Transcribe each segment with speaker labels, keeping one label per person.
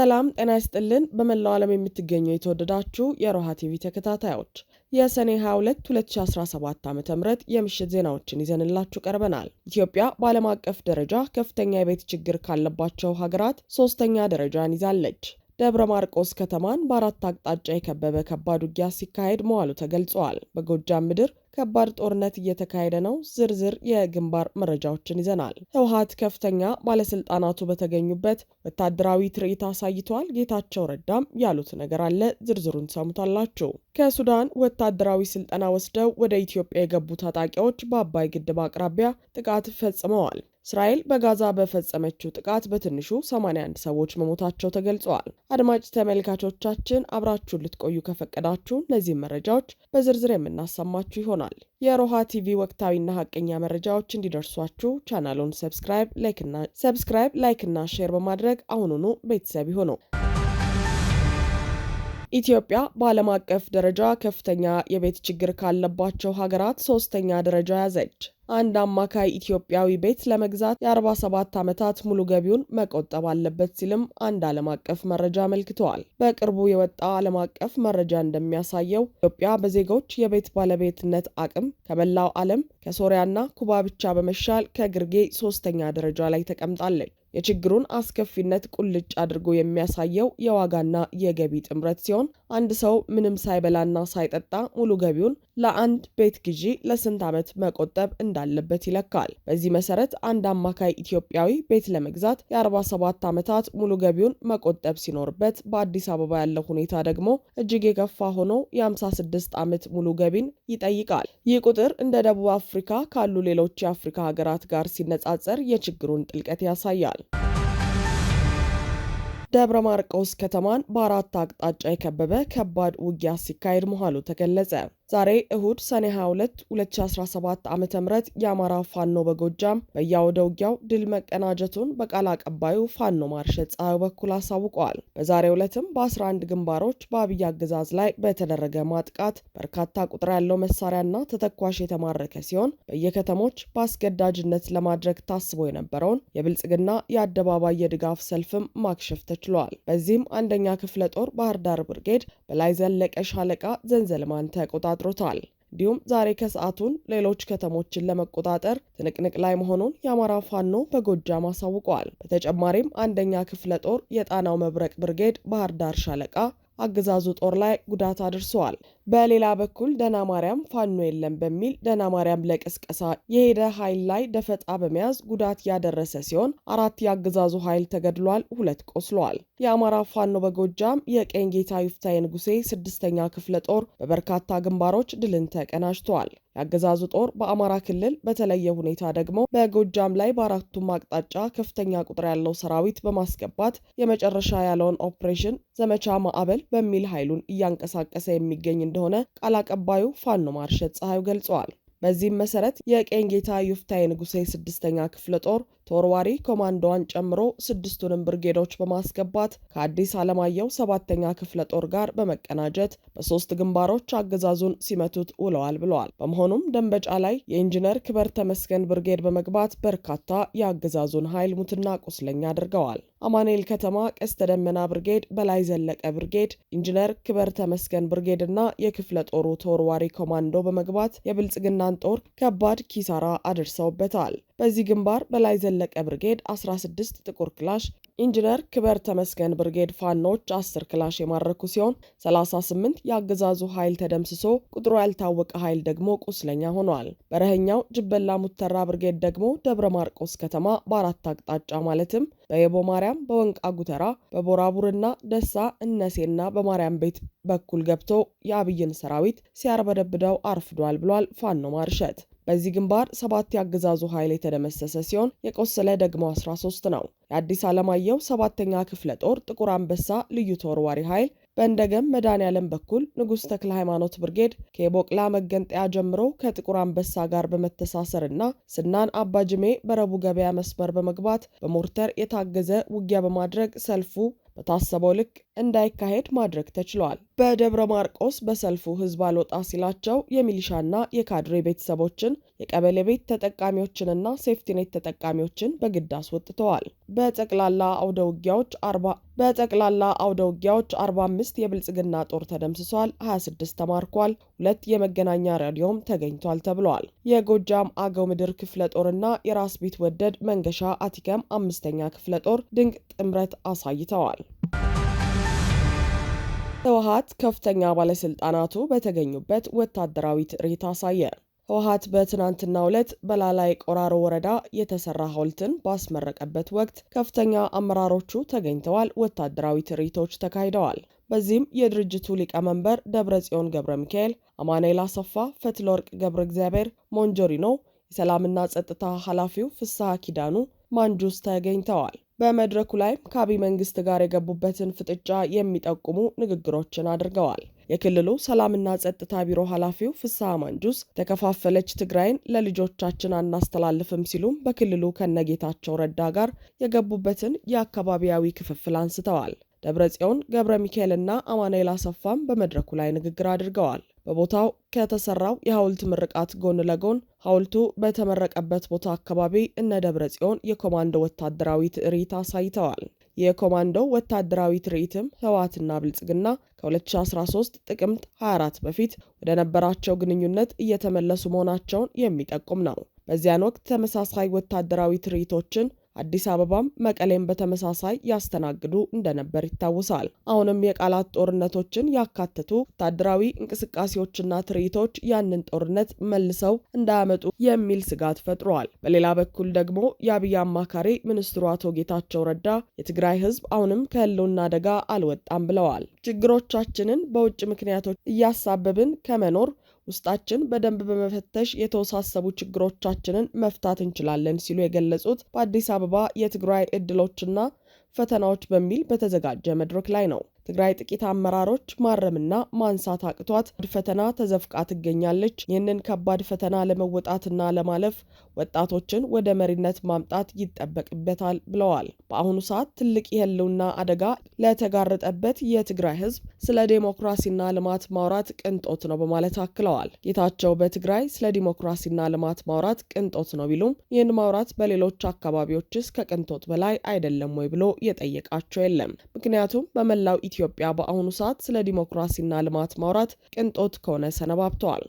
Speaker 1: ሰላም ጤና ይስጥልን። በመላው ዓለም የምትገኙ የተወደዳችሁ የሮሃ ቲቪ ተከታታዮች የሰኔ 22 2017 ዓ ም የምሽት ዜናዎችን ይዘንላችሁ ቀርበናል። ኢትዮጵያ በዓለም አቀፍ ደረጃ ከፍተኛ የቤት ችግር ካለባቸው ሀገራት ሶስተኛ ደረጃን ይዛለች። ደብረ ማርቆስ ከተማን በአራት አቅጣጫ የከበበ ከባድ ውጊያ ሲካሄድ መዋሉ ተገልጿል። በጎጃም ምድር ከባድ ጦርነት እየተካሄደ ነው። ዝርዝር የግንባር መረጃዎችን ይዘናል። ህወሓት ከፍተኛ ባለስልጣናቱ በተገኙበት ወታደራዊ ትርኢት አሳይተዋል። ጌታቸው ረዳም ያሉት ነገር አለ። ዝርዝሩን ሰሙታላችሁ። ከሱዳን ወታደራዊ ስልጠና ወስደው ወደ ኢትዮጵያ የገቡ ታጣቂዎች በአባይ ግድብ አቅራቢያ ጥቃት ፈጽመዋል። እስራኤል በጋዛ በፈጸመችው ጥቃት በትንሹ 81 ሰዎች መሞታቸው ተገልጸዋል። አድማጭ ተመልካቾቻችን አብራችሁን ልትቆዩ ከፈቀዳችሁ እነዚህም መረጃዎች በዝርዝር የምናሰማችሁ ይሆናል። ሆኗል። የሮሃ ቲቪ ወቅታዊና ሀቀኛ መረጃዎች እንዲደርሷችሁ ቻናሉን ሰብስክራይብ ላይክና ሰብስክራይብ ላይክና ሼር በማድረግ አሁኑኑ ቤተሰብ ይሁኑ። ኢትዮጵያ በዓለም አቀፍ ደረጃ ከፍተኛ የቤት ችግር ካለባቸው ሀገራት ሶስተኛ ደረጃ ያዘች። አንድ አማካይ ኢትዮጵያዊ ቤት ለመግዛት የ47 ዓመታት ሙሉ ገቢውን መቆጠብ አለበት ሲልም አንድ ዓለም አቀፍ መረጃ አመልክተዋል። በቅርቡ የወጣ ዓለም አቀፍ መረጃ እንደሚያሳየው ኢትዮጵያ በዜጎች የቤት ባለቤትነት አቅም ከመላው ዓለም ከሶሪያና ኩባ ብቻ በመሻል ከግርጌ ሶስተኛ ደረጃ ላይ ተቀምጣለች። የችግሩን አስከፊነት ቁልጭ አድርጎ የሚያሳየው የዋጋና የገቢ ጥምረት ሲሆን አንድ ሰው ምንም ሳይበላና ሳይጠጣ ሙሉ ገቢውን ለአንድ ቤት ግዢ ለስንት ዓመት መቆጠብ እንዳለበት ይለካል። በዚህ መሰረት አንድ አማካይ ኢትዮጵያዊ ቤት ለመግዛት የ47 ዓመታት ሙሉ ገቢውን መቆጠብ ሲኖርበት በአዲስ አበባ ያለው ሁኔታ ደግሞ እጅግ የከፋ ሆኖ የ56 ዓመት ሙሉ ገቢን ይጠይቃል። ይህ ቁጥር እንደ ደቡብ አፍሪካ ካሉ ሌሎች የአፍሪካ ሀገራት ጋር ሲነጻጸር የችግሩን ጥልቀት ያሳያል። ደብረ ማርቆስ ከተማን በአራት አቅጣጫ የከበበ ከባድ ውጊያ ሲካሄድ መኋሉ ተገለጸ። ዛሬ እሁድ ሰኔ 22 2017 ዓ ም የአማራ ፋኖ በጎጃም በያወደ ውጊያው ድል መቀናጀቱን በቃል አቀባዩ ፋኖ ማርሸት ፀሐዩ በኩል አሳውቀዋል። በዛሬ ዕለትም በ11 ግንባሮች በአብይ አገዛዝ ላይ በተደረገ ማጥቃት በርካታ ቁጥር ያለው መሳሪያና ተተኳሽ የተማረከ ሲሆን በየከተሞች በአስገዳጅነት ለማድረግ ታስቦ የነበረውን የብልጽግና የአደባባይ የድጋፍ ሰልፍም ማክሸፍ ተችሏል። በዚህም አንደኛ ክፍለ ጦር ባህር ዳር ብርጌድ በላይ ዘለቀ ሻለቃ ዘንዘልማን ተቆጣ አድሮታል። እንዲሁም ዛሬ ከሰዓቱን ሌሎች ከተሞችን ለመቆጣጠር ትንቅንቅ ላይ መሆኑን የአማራ ፋኖ በጎጃም አሳውቀዋል። በተጨማሪም አንደኛ ክፍለ ጦር የጣናው መብረቅ ብርጌድ ባህር ዳር ሻለቃ አገዛዙ ጦር ላይ ጉዳት አድርሰዋል። በሌላ በኩል ደና ማርያም ፋኖ የለም በሚል ደና ማርያም ለቅስቀሳ የሄደ ኃይል ላይ ደፈጣ በመያዝ ጉዳት ያደረሰ ሲሆን አራት የአገዛዙ ኃይል ተገድሏል፣ ሁለት ቆስሏል። የአማራ ፋኖ በጎጃም የቀኝ ጌታ ይፍታዬ ንጉሴ ስድስተኛ ክፍለ ጦር በበርካታ ግንባሮች ድልን ተቀናጅተዋል። የአገዛዙ ጦር በአማራ ክልል በተለየ ሁኔታ ደግሞ በጎጃም ላይ በአራቱም አቅጣጫ ከፍተኛ ቁጥር ያለው ሰራዊት በማስገባት የመጨረሻ ያለውን ኦፕሬሽን ዘመቻ ማዕበል በሚል ኃይሉን እያንቀሳቀሰ የሚገኝ እንደሆነ እንደሆነ ቃል አቀባዩ ፋኖ ማርሸት ፀሐዩ ገልጸዋል። በዚህም መሰረት የቄንጌታ ዩፍታይ ንጉሴ ስድስተኛ ክፍለ ጦር ተወርዋሪ ኮማንዶዋን ጨምሮ ስድስቱንም ብርጌዶች በማስገባት ከአዲስ ዓለማየሁ ሰባተኛ ክፍለ ጦር ጋር በመቀናጀት በሶስት ግንባሮች አገዛዙን ሲመቱት ውለዋል ብለዋል። በመሆኑም ደንበጫ ላይ የኢንጂነር ክበር ተመስገን ብርጌድ በመግባት በርካታ የአገዛዙን ኃይል ሙትና ቁስለኛ አድርገዋል። አማኑኤል ከተማ ቀስተ ደመና ብርጌድ፣ በላይ ዘለቀ ብርጌድ፣ ኢንጂነር ክበር ተመስገን ብርጌድ እና የክፍለ ጦሩ ተወርዋሪ ኮማንዶ በመግባት የብልጽግናን ጦር ከባድ ኪሳራ አድርሰውበታል። በዚህ ግንባር በላይ ዘለቀ ብርጌድ 16 ጥቁር ክላሽ፣ ኢንጂነር ክበር ተመስገን ብርጌድ ፋኖች 10 ክላሽ የማረኩ ሲሆን 38 የአገዛዙ ኃይል ተደምስሶ ቁጥሩ ያልታወቀ ኃይል ደግሞ ቁስለኛ ሆኗል። በረህኛው ጅበላ ሙተራ ብርጌድ ደግሞ ደብረ ማርቆስ ከተማ በአራት አቅጣጫ ማለትም በየቦ ማርያም፣ በወንቃ ጉተራ፣ በቦራቡርና ደሳ እነሴና በማርያም ቤት በኩል ገብቶ የአብይን ሰራዊት ሲያርበደብደው አርፍዷል ብሏል ፋኖ ማርሸት። በዚህ ግንባር ሰባት የአገዛዙ ኃይል የተደመሰሰ ሲሆን የቆሰለ ደግሞ 13 ነው። የአዲስ ዓለማየሁ ሰባተኛ ክፍለ ጦር ጥቁር አንበሳ ልዩ ተወርዋሪ ኃይል በእንደገም መድኃኔ ዓለም በኩል ንጉሥ ተክለ ሃይማኖት ብርጌድ ከቦቅላ መገንጠያ ጀምሮ ከጥቁር አንበሳ ጋር በመተሳሰር እና ስናን አባጅሜ በረቡ ገበያ መስመር በመግባት በሞርተር የታገዘ ውጊያ በማድረግ ሰልፉ በታሰበው ልክ እንዳይካሄድ ማድረግ ተችሏል። በደብረ ማርቆስ በሰልፉ ህዝብ አልወጣ ሲላቸው የሚሊሻና የካድሬ ቤተሰቦችን የቀበሌ ቤት ተጠቃሚዎችንና ሴፍቲኔት ተጠቃሚዎችን በግድ አስወጥተዋል። በጠቅላላ አውደ ውጊያዎች አርባ በጠቅላላ አውደ ውጊያዎች 45 የብልጽግና ጦር ተደምስሷል፣ 26 ተማርኳል፣ ሁለት የመገናኛ ሬዲዮም ተገኝቷል ተብሏል። የጎጃም አገው ምድር ክፍለ ጦርና የራስ ቤት ወደድ መንገሻ አቲከም አምስተኛ ክፍለ ጦር ድንቅ ጥምረት አሳይተዋል። ህወሀት ከፍተኛ ባለስልጣናቱ በተገኙበት ወታደራዊ ትርኢት አሳየ። ህወሀት በትናንትና ዕለት በላላይ ቆራሮ ወረዳ የተሰራ ሐውልትን ባስመረቀበት ወቅት ከፍተኛ አመራሮቹ ተገኝተዋል። ወታደራዊ ትርኢቶች ተካሂደዋል። በዚህም የድርጅቱ ሊቀመንበር ደብረ ጽዮን ገብረ ሚካኤል፣ አማኑኤል አሰፋ፣ ፈትለወርቅ ገብረ እግዚአብሔር ሞንጆሪኖ፣ የሰላምና ጸጥታ ኃላፊው ፍስሐ ኪዳኑ ማንጁስ ተገኝተዋል። በመድረኩ ላይም ከአብይ መንግስት ጋር የገቡበትን ፍጥጫ የሚጠቁሙ ንግግሮችን አድርገዋል። የክልሉ ሰላምና ጸጥታ ቢሮ ኃላፊው ፍስሐ ማንጁስ ተከፋፈለች ትግራይን ለልጆቻችን አናስተላልፍም ሲሉም በክልሉ ከነጌታቸው ረዳ ጋር የገቡበትን የአካባቢያዊ ክፍፍል አንስተዋል። ደብረ ጽዮን ገብረ ሚካኤልና አማኑኤል አሰፋም በመድረኩ ላይ ንግግር አድርገዋል። በቦታው ከተሰራው የሐውልት ምርቃት ጎን ለጎን ሐውልቱ በተመረቀበት ቦታ አካባቢ እነ ደብረ ጽዮን የኮማንዶ ወታደራዊ ትርኢት አሳይተዋል። የኮማንዶው ወታደራዊ ትርኢትም ህወሓትና ብልጽግና ከ2013 ጥቅምት 24 በፊት ወደ ነበራቸው ግንኙነት እየተመለሱ መሆናቸውን የሚጠቁም ነው። በዚያን ወቅት ተመሳሳይ ወታደራዊ ትርኢቶችን አዲስ አበባም መቀሌም በተመሳሳይ ያስተናግዱ እንደነበር ይታወሳል። አሁንም የቃላት ጦርነቶችን ያካተቱ ወታደራዊ እንቅስቃሴዎችና ትርኢቶች ያንን ጦርነት መልሰው እንዳያመጡ የሚል ስጋት ፈጥሯል። በሌላ በኩል ደግሞ የአብይ አማካሪ ሚኒስትሩ አቶ ጌታቸው ረዳ የትግራይ ሕዝብ አሁንም ከህልውና አደጋ አልወጣም ብለዋል። ችግሮቻችንን በውጭ ምክንያቶች እያሳበብን ከመኖር ውስጣችን በደንብ በመፈተሽ የተወሳሰቡ ችግሮቻችንን መፍታት እንችላለን ሲሉ የገለጹት በአዲስ አበባ የትግራይ እድሎችና ፈተናዎች በሚል በተዘጋጀ መድረክ ላይ ነው። ትግራይ ጥቂት አመራሮች ማረምና ማንሳት አቅቷት ፈተና ተዘፍቃ ትገኛለች። ይህንን ከባድ ፈተና ለመወጣትና ለማለፍ ወጣቶችን ወደ መሪነት ማምጣት ይጠበቅበታል ብለዋል። በአሁኑ ሰዓት ትልቅ የህልውና አደጋ ለተጋረጠበት የትግራይ ህዝብ ስለ ዲሞክራሲና ልማት ማውራት ቅንጦት ነው በማለት አክለዋል። ጌታቸው በትግራይ ስለ ዲሞክራሲና ልማት ማውራት ቅንጦት ነው ቢሉም ይህን ማውራት በሌሎች አካባቢዎችስ ከቅንጦት በላይ አይደለም ወይ ብሎ የጠየቃቸው የለም። ምክንያቱም በመላው ኢትዮ ኢትዮጵያ በአሁኑ ሰዓት ስለ ዲሞክራሲና ልማት ማውራት ቅንጦት ከሆነ ሰነባብተዋል።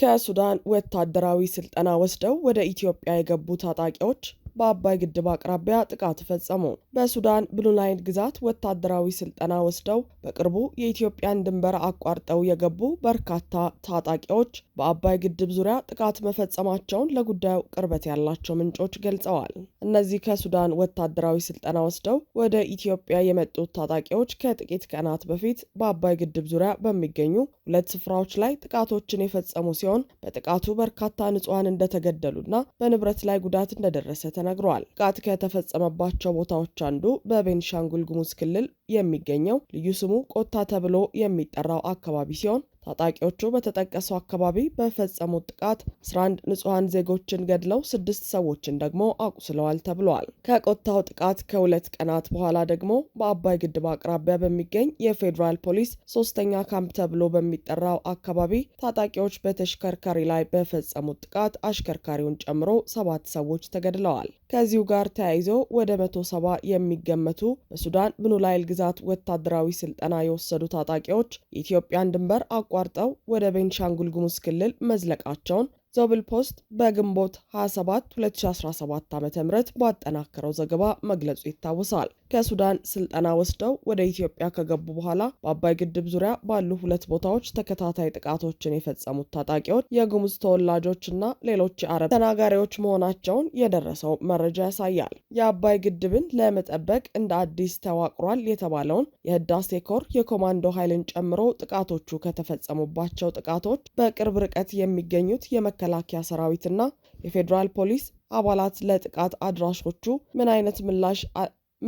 Speaker 1: ከሱዳን ወታደራዊ ስልጠና ወስደው ወደ ኢትዮጵያ የገቡ ታጣቂዎች በአባይ ግድብ አቅራቢያ ጥቃት ፈጸሙ። በሱዳን ብሉናይል ግዛት ወታደራዊ ስልጠና ወስደው በቅርቡ የኢትዮጵያን ድንበር አቋርጠው የገቡ በርካታ ታጣቂዎች በአባይ ግድብ ዙሪያ ጥቃት መፈጸማቸውን ለጉዳዩ ቅርበት ያላቸው ምንጮች ገልጸዋል። እነዚህ ከሱዳን ወታደራዊ ስልጠና ወስደው ወደ ኢትዮጵያ የመጡት ታጣቂዎች ከጥቂት ቀናት በፊት በአባይ ግድብ ዙሪያ በሚገኙ ሁለት ስፍራዎች ላይ ጥቃቶችን የፈጸሙ ሲሆን በጥቃቱ በርካታ ንጹሐን እንደተገደሉና በንብረት ላይ ጉዳት እንደደረሰ ተነግረዋል። ጥቃት ከተፈጸመባቸው ቦታዎች አንዱ በቤንሻንጉል ጉሙዝ ክልል የሚገኘው ልዩ ስሙ ቆታ ተብሎ የሚጠራው አካባቢ ሲሆን ታጣቂዎቹ በተጠቀሰው አካባቢ በፈጸሙት ጥቃት 11 ንጹሐን ዜጎችን ገድለው ስድስት ሰዎችን ደግሞ አቁስለዋል ተብሏል። ከቆታው ጥቃት ከሁለት ቀናት በኋላ ደግሞ በአባይ ግድብ አቅራቢያ በሚገኝ የፌዴራል ፖሊስ ሶስተኛ ካምፕ ተብሎ በሚጠራው አካባቢ ታጣቂዎች በተሽከርካሪ ላይ በፈጸሙት ጥቃት አሽከርካሪውን ጨምሮ ሰባት ሰዎች ተገድለዋል። ከዚሁ ጋር ተያይዞ ወደ መቶ ሰባ የሚገመቱ በሱዳን ብኑላይል ግዛት ወታደራዊ ስልጠና የወሰዱ ታጣቂዎች የኢትዮጵያን ድንበር አቋርጠው ወደ ቤንሻንጉል ጉሙዝ ክልል መዝለቃቸውን ዞብል ፖስት በግንቦት 27 2017 ዓ ም ባጠናከረው ዘገባ መግለጹ ይታወሳል። ከሱዳን ስልጠና ወስደው ወደ ኢትዮጵያ ከገቡ በኋላ በአባይ ግድብ ዙሪያ ባሉ ሁለት ቦታዎች ተከታታይ ጥቃቶችን የፈጸሙት ታጣቂዎች የጉሙዝ ተወላጆችና ሌሎች የአረብ ተናጋሪዎች መሆናቸውን የደረሰው መረጃ ያሳያል። የአባይ ግድብን ለመጠበቅ እንደ አዲስ ተዋቅሯል የተባለውን የህዳሴ ኮር የኮማንዶ ኃይልን ጨምሮ ጥቃቶቹ ከተፈጸሙባቸው ጥቃቶች በቅርብ ርቀት የሚገኙት የመከላከያ ሰራዊትና የፌዴራል ፖሊስ አባላት ለጥቃት አድራሾቹ ምን አይነት ምላሽ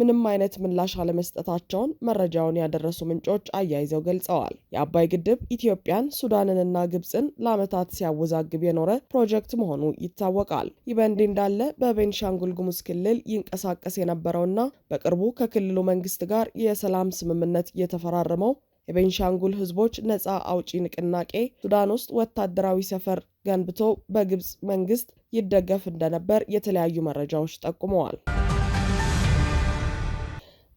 Speaker 1: ምንም አይነት ምላሽ አለመስጠታቸውን መረጃውን ያደረሱ ምንጮች አያይዘው ገልጸዋል። የአባይ ግድብ ኢትዮጵያን፣ ሱዳንንና ግብፅን ለዓመታት ሲያወዛግብ የኖረ ፕሮጀክት መሆኑ ይታወቃል። ይህ በእንዲህ እንዳለ በቤንሻንጉል ጉሙዝ ክልል ይንቀሳቀስ የነበረውና በቅርቡ ከክልሉ መንግስት ጋር የሰላም ስምምነት እየተፈራረመው። የቤንሻንጉል ህዝቦች ነፃ አውጪ ንቅናቄ ሱዳን ውስጥ ወታደራዊ ሰፈር ገንብቶ በግብፅ መንግስት ይደገፍ እንደነበር የተለያዩ መረጃዎች ጠቁመዋል።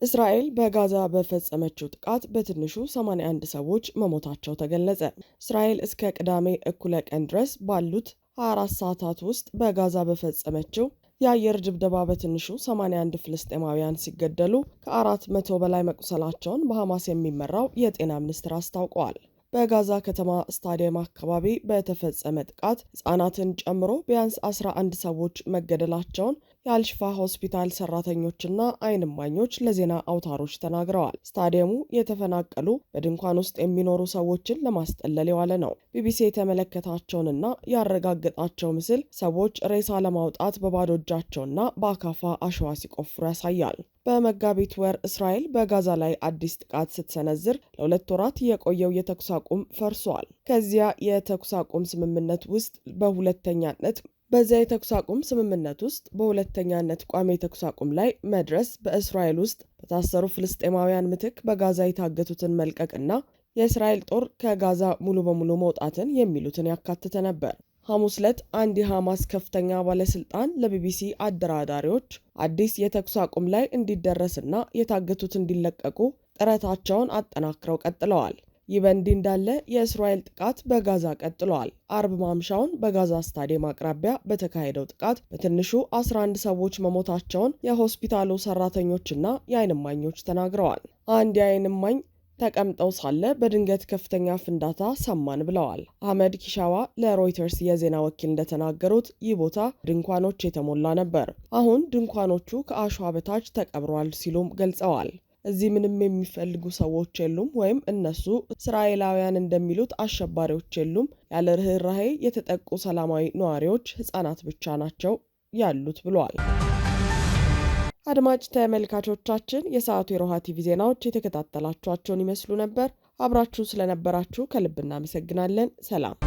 Speaker 1: እስራኤል በጋዛ በፈጸመችው ጥቃት በትንሹ 81 ሰዎች መሞታቸው ተገለጸ። እስራኤል እስከ ቅዳሜ እኩለ ቀን ድረስ ባሉት 24 ሰዓታት ውስጥ በጋዛ በፈጸመችው የአየር ድብደባ በትንሹ 81 ፍልስጤማውያን ሲገደሉ ከአራት መቶ በላይ መቁሰላቸውን በሐማስ የሚመራው የጤና ሚኒስቴር አስታውቀዋል። በጋዛ ከተማ ስታዲየም አካባቢ በተፈጸመ ጥቃት ሕፃናትን ጨምሮ ቢያንስ 11 ሰዎች መገደላቸውን የአልሽፋ ሆስፒታል ሰራተኞችና አይንማኞች ለዜና አውታሮች ተናግረዋል። ስታዲየሙ የተፈናቀሉ በድንኳን ውስጥ የሚኖሩ ሰዎችን ለማስጠለል የዋለ ነው። ቢቢሲ የተመለከታቸውንና ያረጋገጣቸው ምስል ሰዎች ሬሳ ለማውጣት በባዶ እጃቸውና በአካፋ አሸዋ ሲቆፍሩ ያሳያል። በመጋቢት ወር እስራኤል በጋዛ ላይ አዲስ ጥቃት ስትሰነዝር ለሁለት ወራት የቆየው የተኩስ አቁም ፈርሷል። ከዚያ የተኩስ አቁም ስምምነት ውስጥ በሁለተኛነት በዚያ የተኩስ አቁም ስምምነት ውስጥ በሁለተኛነት ቋሚ የተኩስ አቁም ላይ መድረስ በእስራኤል ውስጥ በታሰሩ ፍልስጤማውያን ምትክ በጋዛ የታገቱትን መልቀቅና የእስራኤል ጦር ከጋዛ ሙሉ በሙሉ መውጣትን የሚሉትን ያካተተ ነበር። ሐሙስ ዕለት አንድ የሐማስ ከፍተኛ ባለስልጣን ለቢቢሲ አደራዳሪዎች አዲስ የተኩስ አቁም ላይ እንዲደረስና የታገቱት እንዲለቀቁ ጥረታቸውን አጠናክረው ቀጥለዋል። ይህ በእንዲህ እንዳለ የእስራኤል ጥቃት በጋዛ ቀጥሏል። አርብ ማምሻውን በጋዛ ስታዲየም አቅራቢያ በተካሄደው ጥቃት በትንሹ 11 ሰዎች መሞታቸውን የሆስፒታሉ ሰራተኞችና የአይን እማኞች ተናግረዋል። አንድ የአይንማኝ እማኝ ተቀምጠው ሳለ በድንገት ከፍተኛ ፍንዳታ ሰማን ብለዋል። አህመድ ኪሻዋ ለሮይተርስ የዜና ወኪል እንደተናገሩት ይህ ቦታ ድንኳኖች የተሞላ ነበር። አሁን ድንኳኖቹ ከአሸዋ በታች ተቀብረዋል ሲሉም ገልጸዋል። እዚህ ምንም የሚፈልጉ ሰዎች የሉም፣ ወይም እነሱ እስራኤላውያን እንደሚሉት አሸባሪዎች የሉም። ያለ ርኅራሄ የተጠቁ ሰላማዊ ነዋሪዎች ህጻናት ብቻ ናቸው ያሉት ብለዋል። አድማጭ ተመልካቾቻችን የሰዓቱ የሮሃ ቲቪ ዜናዎች የተከታተላችኋቸውን ይመስሉ ነበር። አብራችሁ ስለነበራችሁ ከልብ እናመሰግናለን። ሰላም